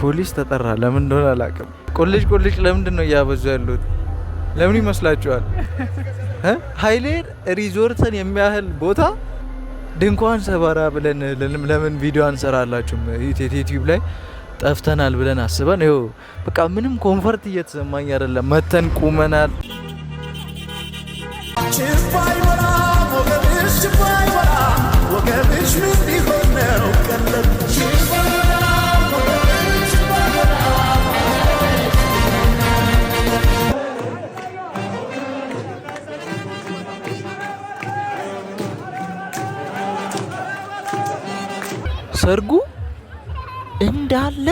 ፖሊስ ተጠራ። ለምን እንደሆነ አላውቅም። ቆልጅ ቆልጅ ለምንድን ነው እያበዙ ያሉት? ለምን ይመስላችኋል? ሀይሌ ሪዞርትን የሚያህል ቦታ ድንኳን ሰባራ ብለን ለምን ቪዲዮ አንሰራላችሁም? ዩቲዩብ ላይ ጠፍተናል ብለን አስበን ይኸው በቃ ምንም ኮንፈርት እየተሰማኝ አይደለም። መተን ቁመናል። ወገብሽ ምን ሰርጉ እንዳለ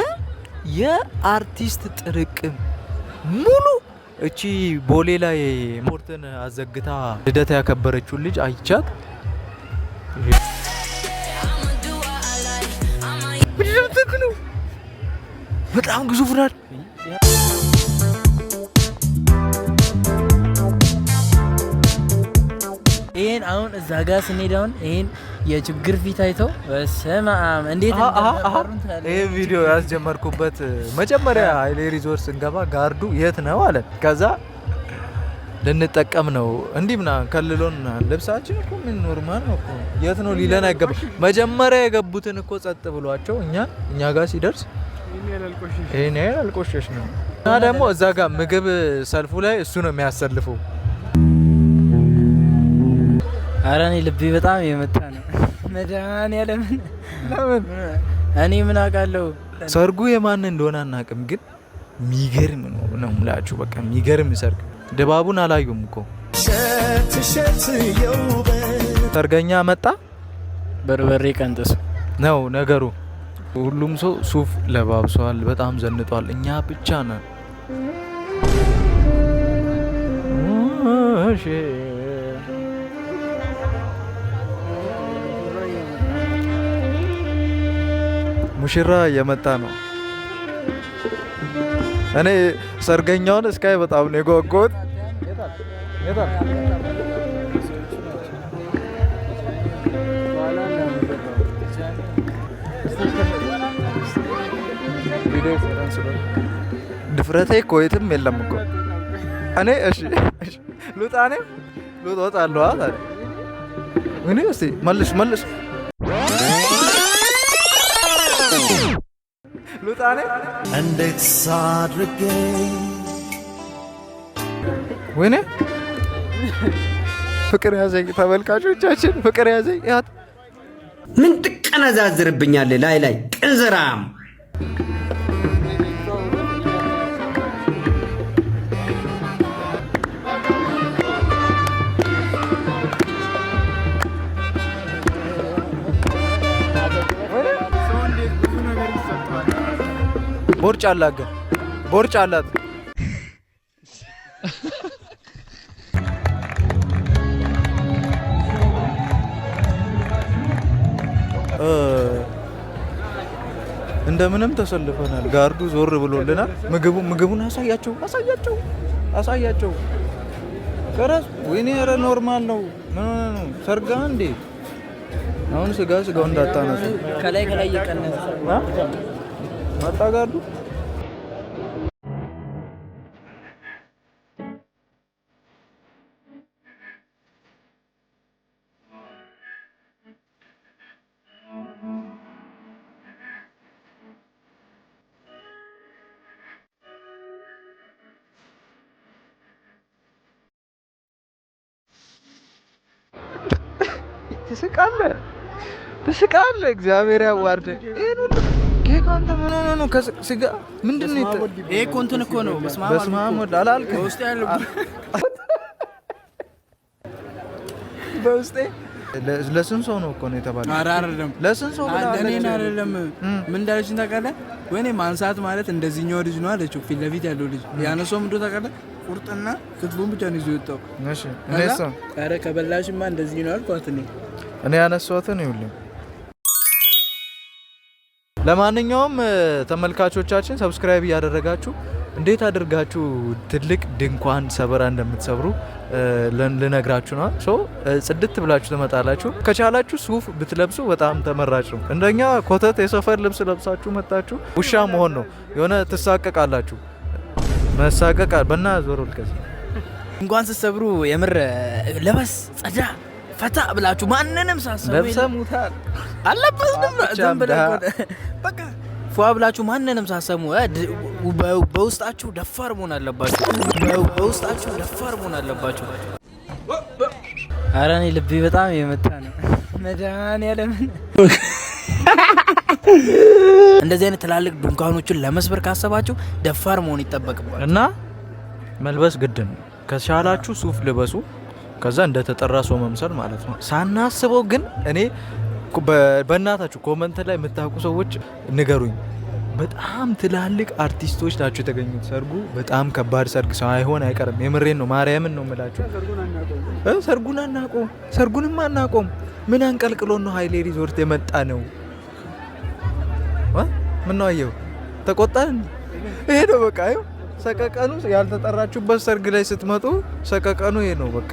የአርቲስት ጥርቅም ሙሉ እቺ ቦሌ ላይ ሞርትን አዘግታ ልደት ያከበረችውን ልጅ አይቻት በጣም ግዙፍ ናት። ይህን አሁን እዛ ጋር ስንሄድ አሁን ይህን የችግር ፊት አይተው በስመ አብ እንዴት ይሄ ቪዲዮ ያስጀመርኩበት መጀመሪያ ሀይሌ ሪዞርት ስንገባ ጋርዱ የት ነው አለ። ከዛ ልንጠቀም ነው እንዲህ ምናምን ከልሎን ልብሳችን እኮ ምን ኖርማል ነው እኮ የት ነው ሊለን አይገባ። መጀመሪያ የገቡትን እኮ ጸጥ ብሏቸው እኛ እኛ ጋር ሲደርስ ይሄን ያህል አልቆሸሽ ነው እና ደግሞ እዛ ጋር ምግብ ሰልፉ ላይ እሱ ነው የሚያሰልፈው አረ እኔ ልቤ በጣም የመታ ነው። መድኃኒዓለምን ለምን እኔ ምን አውቃለሁ። ሰርጉ የማን እንደሆነ አናውቅም፣ ግን ሚገርም ነው ነው የምላችሁ። በቃ ሚገርም ሰርግ። ድባቡን አላዩም እኮ ሰርገኛ መጣ በርበሬ ቀንጥስ ነው ነገሩ። ሁሉም ሰው ሱፍ ለባብሷል፣ በጣም ዘንጧል። እኛ ብቻ ነን። ሙሽራ እየመጣ ነው። እኔ ሰርገኛውን እስካይ በጣም ነው የጓጓሁት። ድፍረቴ እኮ የትም የለም እኮ እኔ እሺ ሉጣኔ ሉጦ ጣለዋ ታዲያ እኔ እስቲ መልስ መልስ ስልጣኔ እንዴት ሳድርጌ ወይኔ ፍቅር ያዘኝ። ተመልካቾቻችን ፍቅር ያዘኝ። ምን ትቀነዛዝርብኛለህ? ላይ ላይ ቅንዝራም ቦርጭ አላት ግን ቦርጭ አላት። እንደምንም ተሰልፈናል። ጋርዱ ዞር ብሎልናል። ምግቡ ምግቡን አሳያቸው አሳያቸው አሳያቸው። ቀረስ ወይኔ፣ ኧረ ኖርማል ነው። ምን ሆነ ነው ሰርጋ እንዴ? አሁን ስጋ ስጋው እንዳታነሱ ከላይ ከላይ እየቀነሰ መጣ ጋርዱ ትስቃለህ። እግዚአብሔር ያዋርደ። ይሄን ሁሉ ኬክ አንተ ምን ሆነህ ነው? ከስጋ ምንድን ነው? ይሄ እኮ እንትን እኮ ነው። በስመ አብ ወልድ አላልክም? በውስጤ ለስንት ሰው ነው እኮ ነው የተባለው? ኧረ አይደለም ለስንት ሰው ለእኔን አይደለም። ምን እንዳለችኝ ታውቃለህ? ወይኔ ማንሳት ማለት እንደዚህኛው ልጅ ነው አለችው። ፊት ለፊት ያለው ልጅ ያነሰው ምንዶ ታውቃለህ? ቁርጥና ክትፎን ብቻ ነው ይዞ የወጣው። ኧረ ከበላሽማ እንደዚህ ነው አልኳት እኔ እኔ ያነሷትን ይሁልኝ። ለማንኛውም ተመልካቾቻችን ሰብስክራይብ እያደረጋችሁ እንዴት አድርጋችሁ ትልቅ ድንኳን ሰበራ እንደምትሰብሩ ልነግራችሁ ነው። ሶ ጽድት ብላችሁ ትመጣላችሁ። ከቻላችሁ ሱፍ ብትለብሱ በጣም ተመራጭ ነው። እንደኛ ኮተት የሰፈር ልብስ ለብሳችሁ መጣችሁ ውሻ መሆን ነው። የሆነ ትሳቀቃላችሁ። መሳቀቃ በና ዞሮ ልቀስ ድንኳን ስትሰብሩ የምር ለበስ ጸዳ ፈታ ብላችሁ ማንንም ሳሰብ ለብሰሙታል አለበትንም በቃ ፏ ብላችሁ ማንንም ሳሰሙ በውስጣችሁ ደፋር መሆን አለባችሁ። በውስጣችሁ ደፋር መሆን አለባችሁ። አረ እኔ ልቤ በጣም የመታ ነው። መድኃኒዓለምን እንደዚህ አይነት ትላልቅ ድንኳኖችን ለመስበር ካሰባችሁ ደፋር መሆን ይጠበቅባል እና መልበስ ግድ ነው። ከቻላችሁ ሱፍ ልበሱ። ከዛ እንደተጠራ ሰው መምሰል ማለት ነው። ሳናስበው ግን እኔ በእናታችሁ ኮመንት ላይ የምታውቁ ሰዎች ንገሩኝ። በጣም ትላልቅ አርቲስቶች ናቸው የተገኙት። ሰርጉ በጣም ከባድ ሰርግ ሳይሆን አይቀርም። የምሬን ነው፣ ማርያምን ነው የምላቸው። ሰርጉን አናቆም፣ ሰርጉንም አናቆም። ምን አንቀልቅሎን ነው ሀይሌ ሪዞርት የመጣ ነው? ምን ነው አየው፣ ተቆጣን። ይሄ ነው በቃ ሰቀቀኑ። ያልተጠራችሁበት ሰርግ ላይ ስትመጡ ሰቀቀኑ ይሄ ነው በቃ።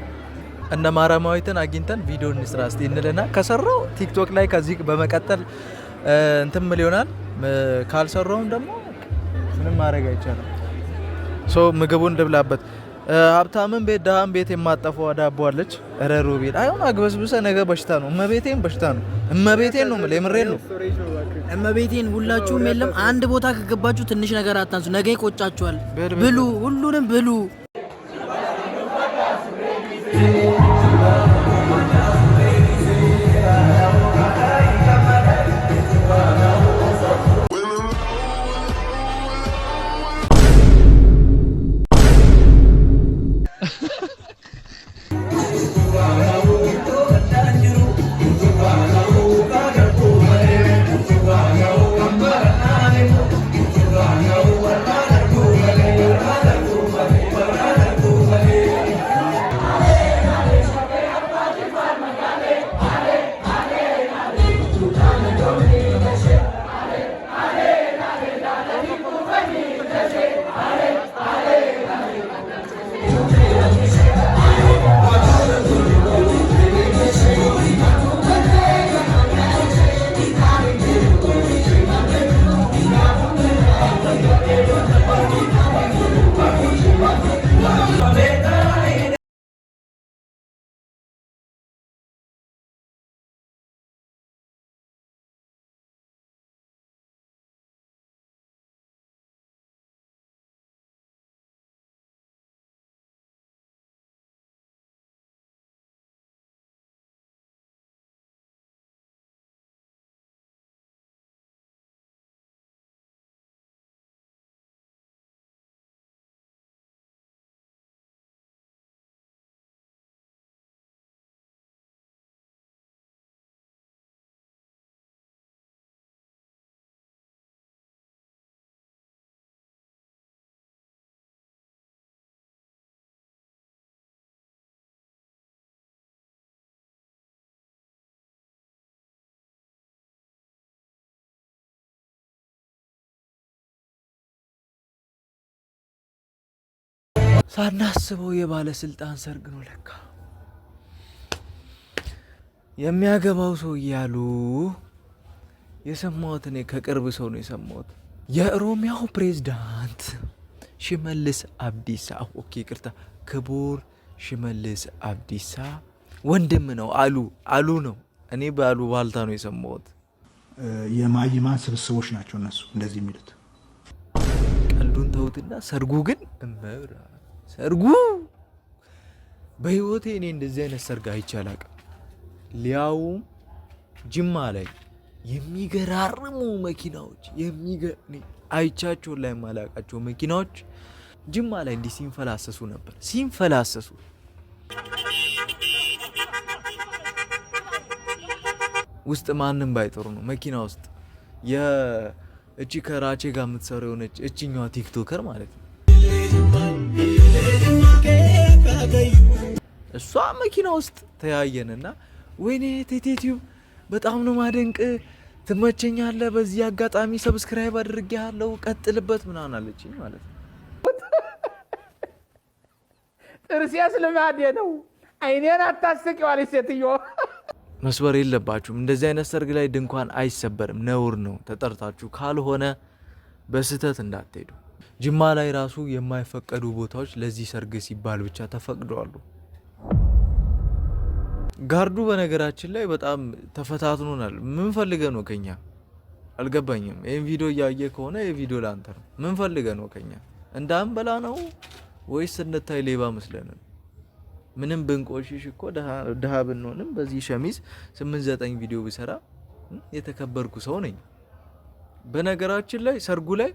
እነ ማራማዊትን አግኝተን ቪዲዮ እንስራ እስቲ እንልና ከሰራው ቲክቶክ ላይ ከዚህ በመቀጠል እንትም ሊሆናል። ካልሰራውም ደግሞ ምንም ማድረግ አይቻልም። ሶ ምግቡን ልብላበት። ሀብታምን ቤት ድሃም ቤት የማጠፈው ዳቦ አለች። ኧረ ሮቤል አይሆን አግበስብሰ ነገ በሽታ ነው። እመቤቴን በሽታ ነው። እመቤቴን ነው የምልህ፣ የምሬን ነው። እመቤቴን ሁላችሁም የለም አንድ ቦታ ከገባችሁ ትንሽ ነገር አታንሱ፣ ነገ ይቆጫችኋል። ብሉ፣ ሁሉንም ብሉ። ሳናስበው የባለስልጣን ሰርግ ነው ለካ። የሚያገባው ሰው እያሉ የሰማሁት እኔ ከቅርብ ሰው ነው የሰማሁት። የኦሮሚያው ፕሬዝዳንት ሽመልስ አብዲሳ ኦኬ፣ ይቅርታ፣ ክቡር ሽመልስ አብዲሳ ወንድም ነው አሉ አሉ ነው። እኔ በአሉ ባልታ ነው የሰማሁት። የማይማን ስብስቦች ናቸው እነሱ እንደዚህ የሚሉት። ቀልዱን ተውትና ሰርጉ ግን እመብራ ሰርጉ በህይወቴ እኔ እንደዚህ አይነት ሰርግ አይቼ አላቅም። ሊያውም ጅማ ላይ የሚገራርሙ መኪናዎች አይቻቸውን ላይ የማላውቃቸው መኪናዎች ጅማ ላይ እንዲህ ሲንፈላሰሱ ነበር ሲንፈላሰሱ ውስጥ ማንም ባይጠሩ ነው መኪና ውስጥ የእቺ ከራቼ ጋር የምትሰሩ የሆነች እችኛዋ ቲክቶከር ማለት ነው። እሷ መኪና ውስጥ ተያየንና ወይኔ ቴቴቲዩብ በጣም ነው ማደንቅ ትመቸኛለ። በዚህ አጋጣሚ ሰብስክራይብ አድርጌያለሁ ቀጥልበት ምናምን አለችኝ ማለት ነው። ጥርሴስ ልማዴ ነው። አይኔን አታስቂዋለች ሴትዮዋ። መስበር የለባችሁም እንደዚህ አይነት ሰርግ ላይ ድንኳን አይሰበርም፣ ነውር ነው። ተጠርታችሁ ካልሆነ በስህተት እንዳትሄዱ። ጅማ ላይ ራሱ የማይፈቀዱ ቦታዎች ለዚህ ሰርግ ሲባል ብቻ ተፈቅደዋሉ። ጋርዱ በነገራችን ላይ በጣም ተፈታትኖናል። ምን ፈልገ ነው ከኛ አልገባኝም። ይህን ቪዲዮ እያየ ከሆነ ቪዲዮ ለአንተ ነው። ምን ፈልገ ነው ከኛ እንደ ነው ወይስ እንታይ ሌባ መስለንን? ምንም ብንቆሽሽ እኮ ድሃ ብንሆንም በዚህ ሸሚዝ ስምንት ዘጠኝ ቪዲዮ ብሰራ የተከበርኩ ሰው ነኝ። በነገራችን ላይ ሰርጉ ላይ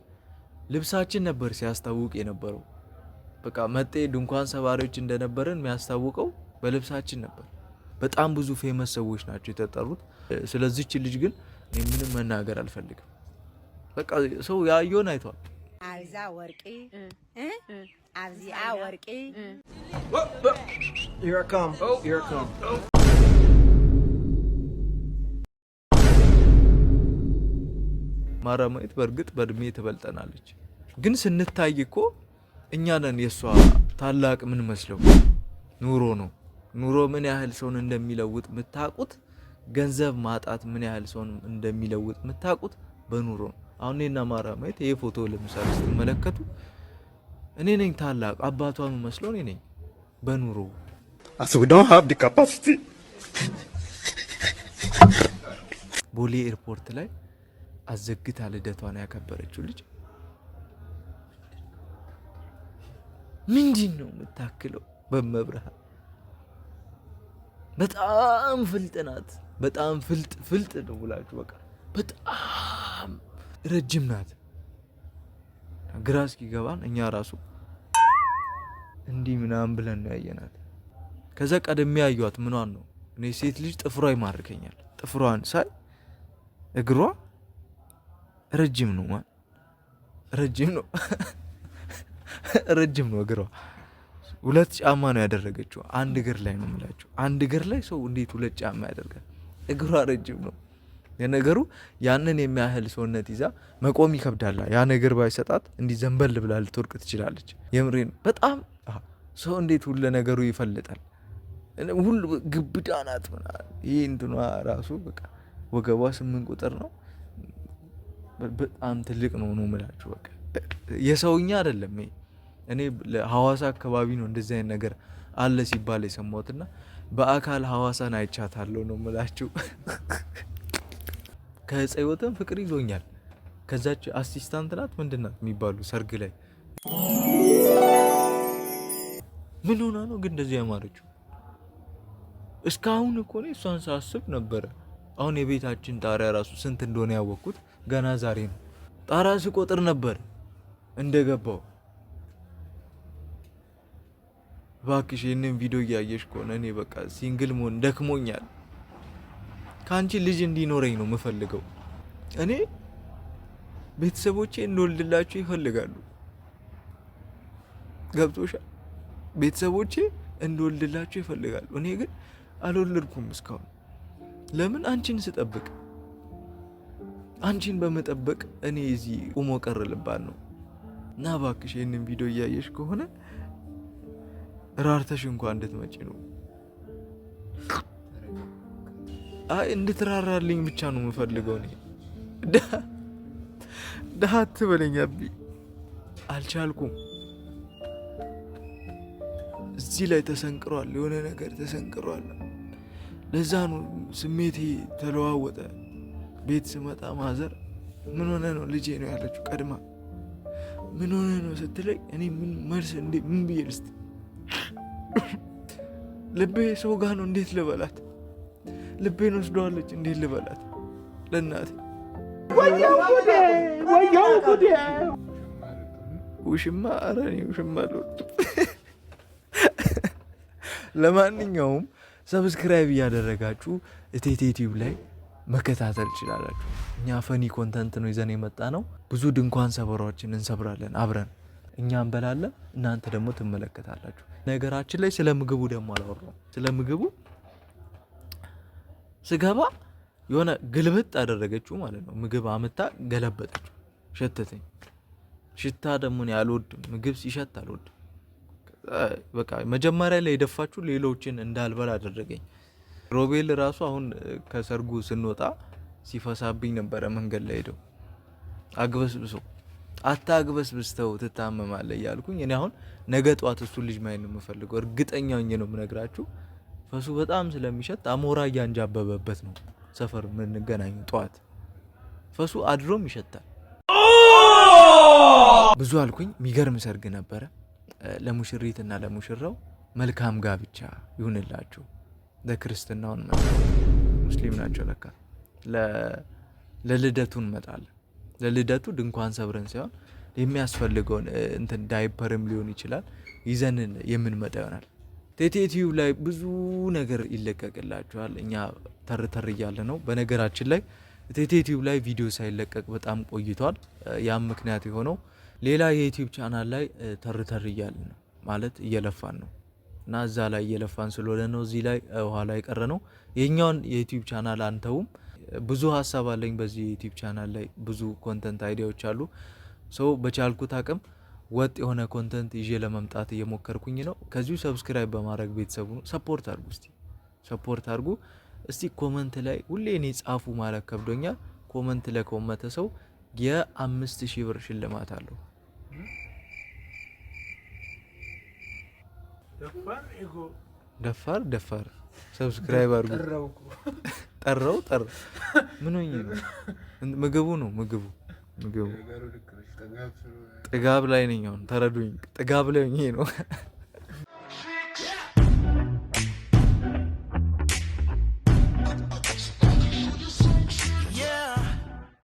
ልብሳችን ነበር ሲያስታውቅ የነበረው። በቃ መጤ ድንኳን ሰባሪዎች እንደነበረን የሚያስታውቀው በልብሳችን ነበር። በጣም ብዙ ፌመስ ሰዎች ናቸው የተጠሩት። ስለዚች ልጅ ግን ምንም መናገር አልፈልግም። በቃ ሰው ያየውን አይቷል። አብዛ ወርቂ ወርቂ ማራማዊት በእርግጥ በእድሜ ትበልጠናለች፣ ግን ስንታይ እኮ እኛ ነን የእሷ ታላቅ ምን መስለው ኑሮ ነው። ኑሮ ምን ያህል ሰውን እንደሚለውጥ የምታውቁት፣ ገንዘብ ማጣት ምን ያህል ሰውን እንደሚለውጥ የምታውቁት በኑሮ ነው። አሁን እኔና ማራማዊት ይህ ፎቶ ለምሳሌ ስትመለከቱ እኔ ነኝ ታላቅ አባቷ ምን መስለው እኔ ነኝ በኑሮ ቦሌ ኤርፖርት ላይ አዘግታ ልደቷን ያከበረችው ልጅ ምንድን ነው የምታክለው? በመብርሃ በጣም ፍልጥ ናት። በጣም ፍልጥ ፍልጥ ነው ብላችሁ በቃ በጣም ረጅም ናት። ግራ እስኪገባን እኛ ራሱ እንዲህ ምናምን ብለን ነው ያየናት። ከዛ ቀደም ያዩት ምኗን ነው እኔ ሴት ልጅ ጥፍሯ ይማርከኛል። ጥፍሯን ሳይ እግሯ ረጅም ነው ረጅም ነው ረጅም ነው እግሯ። ሁለት ጫማ ነው ያደረገችው። አንድ እግር ላይ ነው የምላቸው። አንድ እግር ላይ ሰው እንዴት ሁለት ጫማ ያደርጋል? እግሯ ረጅም ነው። የነገሩ ያንን የሚያህል ሰውነት ይዛ መቆም ይከብዳላ። ያ ነገር ባይሰጣት እንዲህ ዘንበል ብላ ልትወርቅ ትችላለች። የምሬን በጣም ሰው እንዴት ሁለ ነገሩ ይፈልጣል። ሁሉ ግብዳ ናት። ይህ እንትኗ ራሱ በቃ ወገቧ ስምንት ቁጥር ነው። በጣም ትልቅ ነው ነው የምላችሁ። በቃ የሰውኛ አይደለም። እኔ ሐዋሳ አካባቢ ነው እንደዚህ አይነት ነገር አለ ሲባል የሰማሁትና በአካል ሐዋሳን አይቻታለሁ ነው የምላችሁ። ከጸይወትም ፍቅር ይዞኛል። ከዛች አሲስታንት ናት ምንድን ናት የሚባሉ ሰርግ ላይ ምን ሆና ነው ግን እንደዚህ ያማረችው? እስካሁን እኮ እኔ እሷን ሳስብ ነበረ። አሁን የቤታችን ጣሪያ ራሱ ስንት እንደሆነ ያወቅኩት ገና ዛሬ ነው። ጣራ ሲቆጥር ነበር እንደገባው። እባክሽ ይህንን ቪዲዮ እያየሽ ከሆነ እኔ በቃ ሲንግል መሆን ደክሞኛል። ከአንቺ ልጅ እንዲኖረኝ ነው የምፈልገው። እኔ ቤተሰቦቼ እንወልድላቸው ይፈልጋሉ። ገብቶሻል? ቤተሰቦቼ እንወልድላቸው ይፈልጋሉ። እኔ ግን አልወለድኩም እስካሁን። ለምን አንቺን ስጠብቅ አንቺን በመጠበቅ እኔ እዚህ ቁሞ ቀር ልባል ነው እና እባክሽ ይህንን ቪዲዮ እያየሽ ከሆነ ራርተሽ እንኳ እንድትመጪ ነው። አይ እንድትራራልኝ ብቻ ነው የምፈልገው። እኔ ድሀ አትበለኝ ቢ አልቻልኩም። እዚህ ላይ ተሰንቅሯል፣ የሆነ ነገር ተሰንቅሯል። ለዛ ነው ስሜቴ ተለዋወጠ። ቤት ስመጣ ማዘር ምን ሆነ ነው ልጄ ነው ያለችው። ቀድማ ምን ሆነ ነው ስትለኝ እኔ ምን መልስ እን ምን ብዬ ልስጥ? ልቤ ሰው ጋ ነው እንዴት ልበላት? ልቤን ወስደዋለች እንዴት ልበላት? ለእናቴ ውሽማ ኧረ እኔ ውሽማ ለማንኛውም ሰብስክራይብ እያደረጋችሁ እቴቴ ላይ መከታተል ይችላላችሁ። እኛ ፈኒ ኮንተንት ነው ይዘን የመጣ ነው። ብዙ ድንኳን ሰበራዎችን እንሰብራለን አብረን እኛ እንበላለን፣ እናንተ ደግሞ ትመለከታላችሁ። ነገራችን ላይ ስለ ምግቡ ደግሞ አላወራም። ስለ ምግቡ ስገባ የሆነ ግልብጥ አደረገችው ማለት ነው። ምግብ አምታ ገለበጠችው፣ ሸተተኝ። ሽታ ደግሞ አልወድም፣ ምግብ ሲሸት አልወድም። በቃ መጀመሪያ ላይ የደፋችሁ ሌሎችን እንዳልበላ አደረገኝ። ሮቤል ራሱ አሁን ከሰርጉ ስንወጣ ሲፈሳብኝ ነበረ። መንገድ ላይ ሄደው አግበስብሶ አታግበስብስ ተው ትታመማለህ እያልኩኝ እኔ አሁን ነገ ጠዋት እሱን ልጅ ማየት ነው የምፈልገው። እርግጠኛ ነው የምነግራችሁ። ፈሱ በጣም ስለሚሸት አሞራ እያንጃበበበት ነው ሰፈር የምንገናኘው ጠዋት። ፈሱ አድሮም ይሸታል። ብዙ አልኩኝ። የሚገርም ሰርግ ነበረ። ለሙሽሪትና ለሙሽራው መልካም ጋብቻ ይሁንላችሁ። ለክርስትናው እንመጣለን። ሙስሊም ናቸው ለካ። ለልደቱ እንመጣለን። ለልደቱ ድንኳን ሰብረን ሳይሆን የሚያስፈልገውን እንትን ዳይፐርም ሊሆን ይችላል ይዘን የምንመጣ ይሆናል። ቴቴቲዩ ላይ ብዙ ነገር ይለቀቅላችኋል። እኛ ተርተር እያለ ነው። በነገራችን ላይ ቴቴቲዩ ላይ ቪዲዮ ሳይለቀቅ በጣም ቆይቷል። ያም ምክንያት የሆነው ሌላ የዩቲዩብ ቻናል ላይ ተርተር እያለ ነው ማለት እየለፋን ነው እና እዛ ላይ እየለፋን ስለሆነ ነው እዚህ ላይ ኋላ የቀረ ነው። የኛውን የዩቲዩብ ቻናል አንተውም። ብዙ ሀሳብ አለኝ በዚህ የዩቲዩብ ቻናል ላይ ብዙ ኮንተንት አይዲያዎች አሉ። ሰው በቻልኩት አቅም ወጥ የሆነ ኮንተንት ይዤ ለመምጣት እየሞከርኩኝ ነው። ከዚሁ ሰብስክራይብ በማድረግ ቤተሰቡ ነው ሰፖርት አድርጉ። እስቲ ሰፖርት አድርጉ። እስቲ ኮመንት ላይ ሁሌ እኔ ጻፉ ማለት ከብዶኛል። ኮመንት ለኮመተ ሰው የአምስት ሺህ ብር ሽልማት አለው። ደፋር ደፋር ሰብስክራይብ አድርጉ። ጠራው ጠር ምን ሆኜ ነው? ምግቡ ነው ምግቡ ምግቡ ጥጋብ ላይ ነኝ አሁን ተረዱኝ። ጥጋብ ላይ ሆኜ ነው።